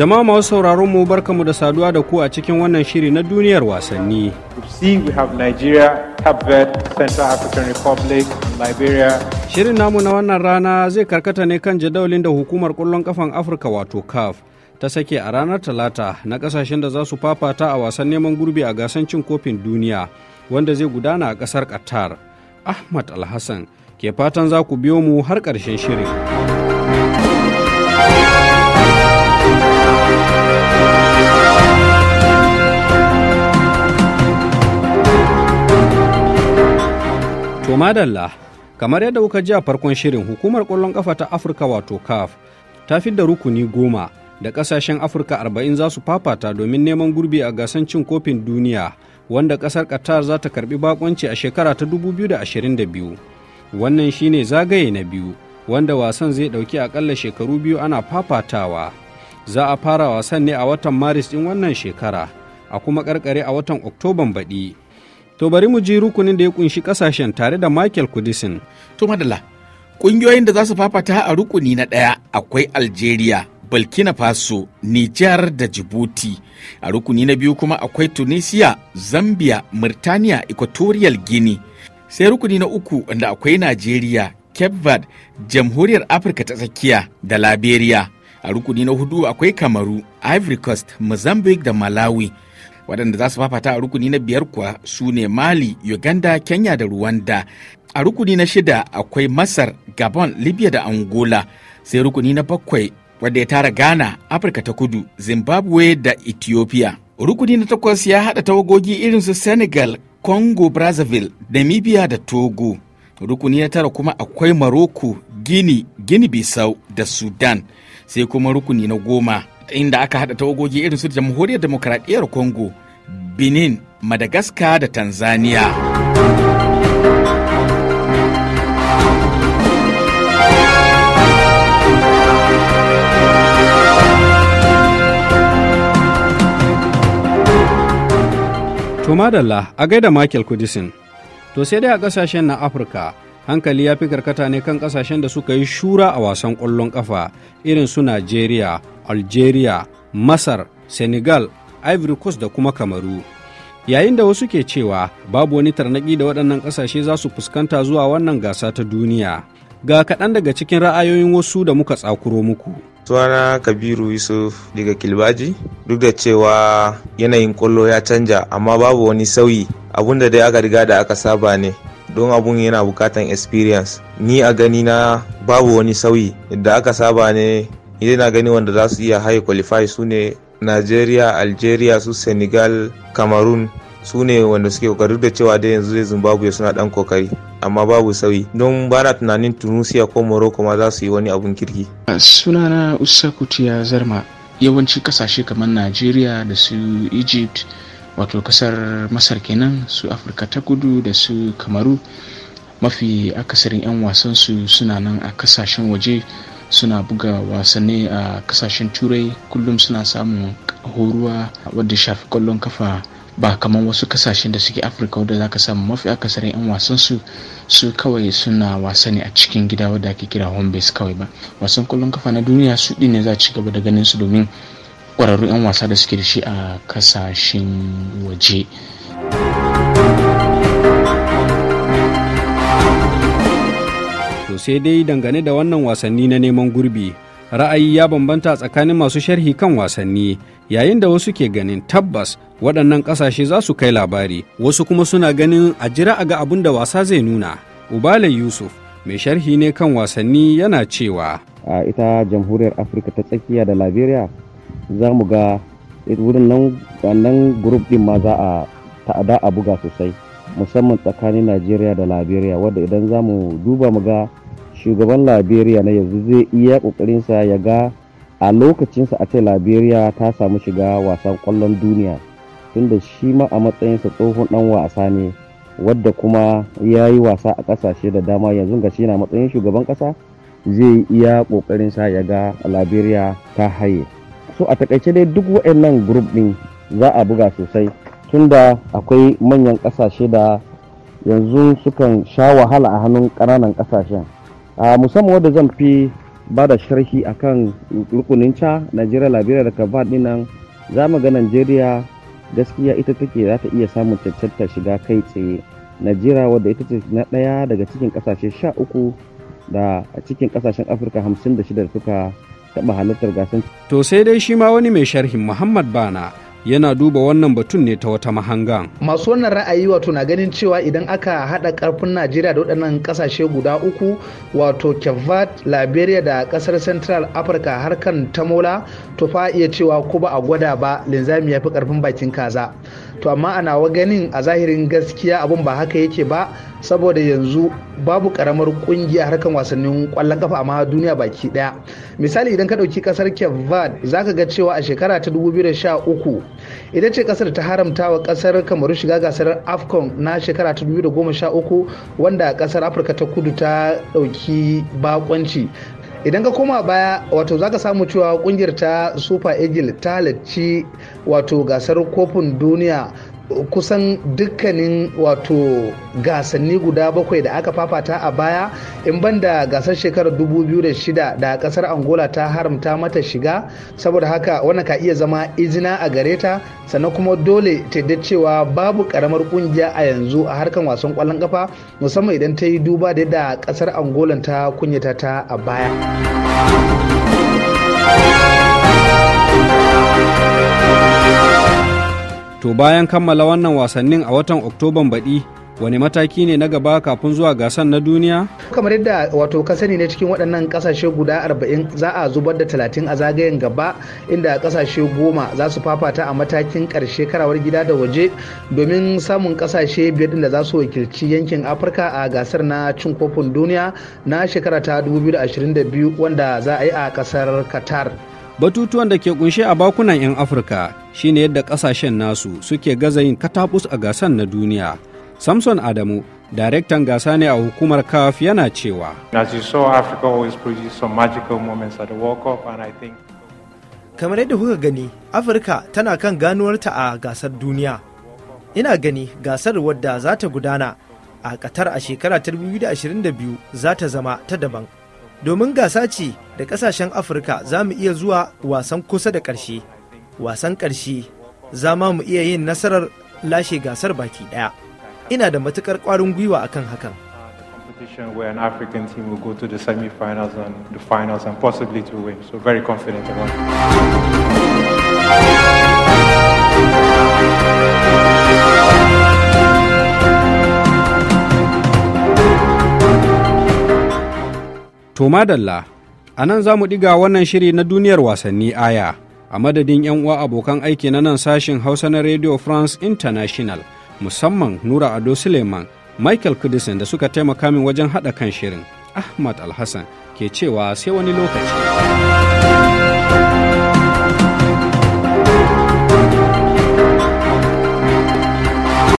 Jama'a masu sauraron mu barkamu da saduwa da ku a cikin wannan shiri na duniyar wasanni. Shirin namu na wannan rana zai karkata ne kan jadawalin da hukumar kwallon kafan Afirka wato CAF ta sake a ranar Talata na kasashen da za su fafata a wasan neman gurbi a gasan cin kofin duniya wanda zai gudana a kasar Qatar. Ahmad Alhassan ke fatan za ku biyo mu har ƙarshen shirin. To madalla, kamar yadda kuka ji a farkon shirin hukumar kwallon kafa ta Afirka wato CAF ta fi da rukuni goma da ƙasashen Afirka arba'in za su fafata domin neman gurbi a gasan cin kofin duniya wanda ƙasar Qatar za ta karbi bakonci a shekara ta 2022. Wannan shine zagaye na biyu wanda wasan zai ɗauki akalla shekaru biyu ana fafatawa. Za a fara wasan ne a watan Maris ɗin wannan shekara, a kuma ƙarƙare a watan Oktoban baɗi. To bari mu ji rukunin da ya kunshi kasashen tare da Michael Kudisin. To madalla, ƙungiyoyin da za su fafata a rukuni na ɗaya akwai Algeria, Burkina Faso, Nijar da Djibouti. A rukuni na biyu kuma akwai Tunisia, Zambia, Murtaniya, Equatorial Guinea. Sai rukuni na uku wanda akwai Najeriya, Cape Verde, Jamhuriyar Afirka ta tsakiya da Liberia. A rukuni na hudu akwai Kamaru, Ivory Coast, Mozambique da Malawi. waɗanda za su fafata a rukuni na biyar kuwa su ne mali uganda kenya da rwanda a rukuni na shida akwai masar gabon libya da angola sai rukuni na bakwai wadda ya tara ghana afirka ta kudu zimbabwe da ethiopia rukuni na takwas ya haɗa tawagogi irin su senegal congo brazzaville namibia da togo rukuni na tara kuma akwai maroko guinea gini bisau da sudan sai kuma rukuni na goma inda aka ta tawagogi irin su jamhuriyar demokradiyyar congo benin madagascar da tanzania To madalla a gaida Michael Kudisin. To sai dai a kasashen na Afirka hankali ya fi karkata ne kan kasashen da suka yi shura a wasan kwallon kafa irin su Najeriya, algeria masar senegal ivory coast da kuma kamaru yayin da wasu ke cewa babu wani tarnaki da waɗannan ƙasashe za su fuskanta zuwa wannan gasa ta duniya ga kaɗan daga cikin ra'ayoyin wasu da muka tsakuro muku suwana kabiru yusuf daga kilbaji duk da cewa yanayin kwallo ya canja amma babu wani sauyi abun da dai aka riga da aka saba ne don abun yana bukatan experience ni a gani na babu wani sauyi da aka saba ne ni na gani wanda za su iya haye qualify su ne nigeria algeria su senegal cameroon su ne wanda suke kokari da cewa da yanzu zai zimbabwe suna dan kokari amma babu sauyi don ba na tunanin tunisia ko morocco ma za su yi wani abun kirki sunana kutiya zarma yawanci kasashe kamar nigeria da su egypt wato kasar masar kenan su afirka ta kudu da su kamaru mafi akasarin 'yan wasansu suna nan a kasashen waje suna buga wasanni a kasashen turai kullum suna samun horuwa wadda shafi kwallon kafa ba kamar wasu kasashen da suke afirka wadda zaka samu mafi akasarin 'yan wasan su su kawai suna wasa ne a cikin gida wadda ake kira home base kawai ba wasan kwallon kafa na duniya su ɗi ne za ci gaba da ganin su domin kwararru 'yan wasa da suke da shi a kasashen waje sai dai dangane da wannan wasanni na neman gurbi ra'ayi ya bambanta tsakanin masu sharhi kan wasanni yayin da wasu ke ganin tabbas waɗannan ƙasashe za su kai labari wasu kuma suna ganin a jira a ga abin da wasa zai nuna ubale yusuf mai sharhi ne kan wasanni yana cewa a ita jamhuriyar afirka ta tsakiya da liberia za mu ga wurin nan wannan grup din ma za a ta'ada a buga sosai musamman tsakanin najeriya da liberia wadda idan za mu duba mu ga shugaban liberia na yanzu zai iya kokarinsa ya ga a lokacinsa a ce liberia ta samu shiga wasan kwallon duniya tunda shi ma a matsayinsa tsohon dan wasa ne wadda kuma ya yi wasa a kasashe da dama yanzu ga shi na matsayin shugaban kasa zai iya kokarinsa ya ga liberia ta haye so a takaice dai duk waɗannan group din za a buga sosai tunda akwai manyan kasashe da yanzu sukan sha wahala a hannun ƙananan kasashen a musamman wadda zan fi ba da sharhi akan rukunin ca najeriya liberia da kabad dinnan za mu ga najeriya gaskiya ita take za ta iya samun cancanta shiga kai tsaye najeriya wadda ita ce na ɗaya daga cikin ƙasashe sha uku da cikin ƙasashen afirka hamsin da shida suka taɓa halartar gasar to sai dai shi ma wani mai sharhin muhammad bana yana duba wannan batun ne ta wata mahanga. Masu wannan ra'ayi wato na ganin cewa idan aka haɗa ƙarfin Najeriya da waɗannan ƙasashe guda uku wato Kevat, Liberia da ƙasar Central Africa harkan Tamola to fa iya cewa ko ba a gwada ba linzami ya fi ƙarfin bakin kaza. to amma ana wa ganin a zahirin gaskiya abun ba haka yake ba saboda yanzu babu karamar kungiya harkan wasannin kwallon kafa amma duniya baki daya misali idan ka dauki kasar cape verde ka ga cewa a shekara ta 2013 ita ce kasar ta haramta wa kasar kamaru shiga gasar afcon na shekara ta 2013 wanda kasar afirka ta kudu ta dauki bakonci idan ka koma baya wato zaka samu cewa kungiyar ta super eagle ta halarci wato gasar kofin duniya kusan dukkanin wato gasanni guda bakwai da aka fafata a baya in banda gasar shekarar 2006 da kasar angola ta haramta mata shiga saboda haka wannan ka iya zama izina a gare ta sannan kuma dole ta cewa babu karamar kungiya a yanzu a harkan wasan kwallon kafa musamman idan ta yi duba da yadda kasar angolan ta kunyata ta a baya To bayan kammala wannan wasannin a watan Oktoban baɗi, wani mataki ne na gaba kafin zuwa gasar na duniya? kamar yadda wato ka sani ne cikin waɗannan ƙasashe guda 40 za a zubar da 30 a zagayen gaba inda ƙasashe goma za su fafata a matakin ƙarshe karawar gida da waje domin samun ƙasashe biyar da za su wakilci yankin afirka a gasar na cin kofin duniya na shekara ta 2022 wanda za a yi a ƙasar qatar Batutuwan da ke kunshe a bakunan 'yan Afirka shine yadda kasashen nasu suke gaza yin katabus a gasan na duniya. Samson Adamu, daraktan gasa ne a hukumar CAF yana cewa. Kamar yadda kuka gani, Afirka tana kan ganuwarta a gasar duniya. Ina gani gasar wadda za ta gudana a Qatar a shekara 2022 za ta zama ta daban. domin gasa ce da kasashen afirka za mu iya zuwa wasan kusa da ƙarshe wasan ƙarshe za ma mu iya yin nasarar lashe gasar baki ɗaya ina da matuƙar ƙwarin gwiwa akan hakan the finals and possibly to win. So very confident about it. To madalla, a nan za mu ɗiga wannan shiri na duniyar wasanni aya a madadin 'yan uwa abokan aiki na nan sashin Hausa na Radio France International musamman Nura Ado Suleiman, Michael Kudisin da suka taimaka min wajen haɗa kan shirin. Ahmad Alhassan ke cewa sai wani lokaci.